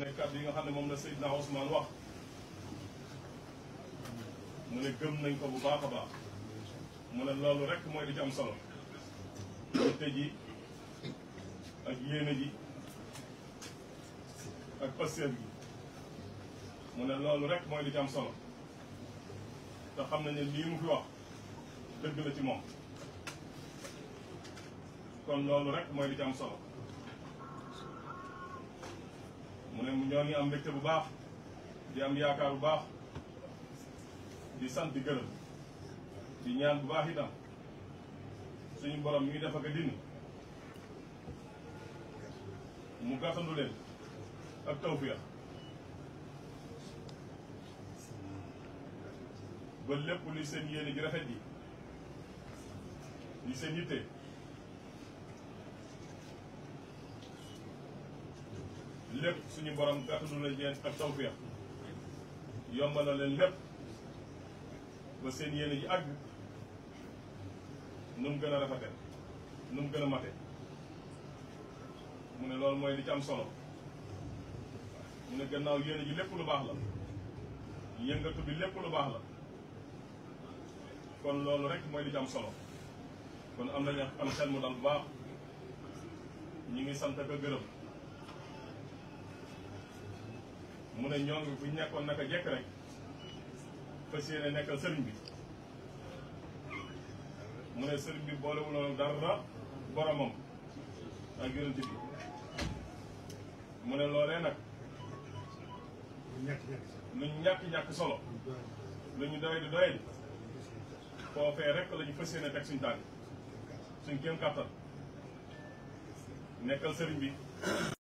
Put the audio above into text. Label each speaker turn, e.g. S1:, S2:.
S1: ne kàddu yi nga xam ne moom la Seydina Ousmane wax mu ne gëm nañ ko bu baax a baax mu ne loolu rekk mooy di ci am solo yitte ji ak yéene ji ak passeer mu ne loolu rek mooy di ci am te xam nañ ne lii mu fi wax dëgg la ci moom kon loolu rek mooy di ci am solo ñoo ngi am mbégte bu baax di am yaakaar bu baax di sant di gërëm di ñaan bu baax yi itam suñu borom mi ngi def a dindi mu gàttandu leen ak tawfiya ba lépp li seen yéene ji rafet ji li seen yitte lépp suñu borom gàttanu la leen ak tawféex yombal na leen lépp ba seen yéene ji àgg nu gën a rafete nu mu gën a mate mu ne loolu mooy li ci am solo mu ne gannaaw yéene ji lépp lu baax la yëngatu bi lépp lu baax la kon loolu rek mooy li ci am solo kon am nañu am xel mu dal baax ñu ngi sant ak gërëm ne ñoom bu buñ nekkoon a jekk rek fas yéene nekkal sëriñ bi mu ne sëriñ bi boolewuloon dara boromam ak yonent bi mu ne loolee nag lu ñàkk-ñàkk solo lu ñu doy di doy di rek la ñu fas yéene teg suñ tànk suñ kéem kàttan nekkal sëriñ bi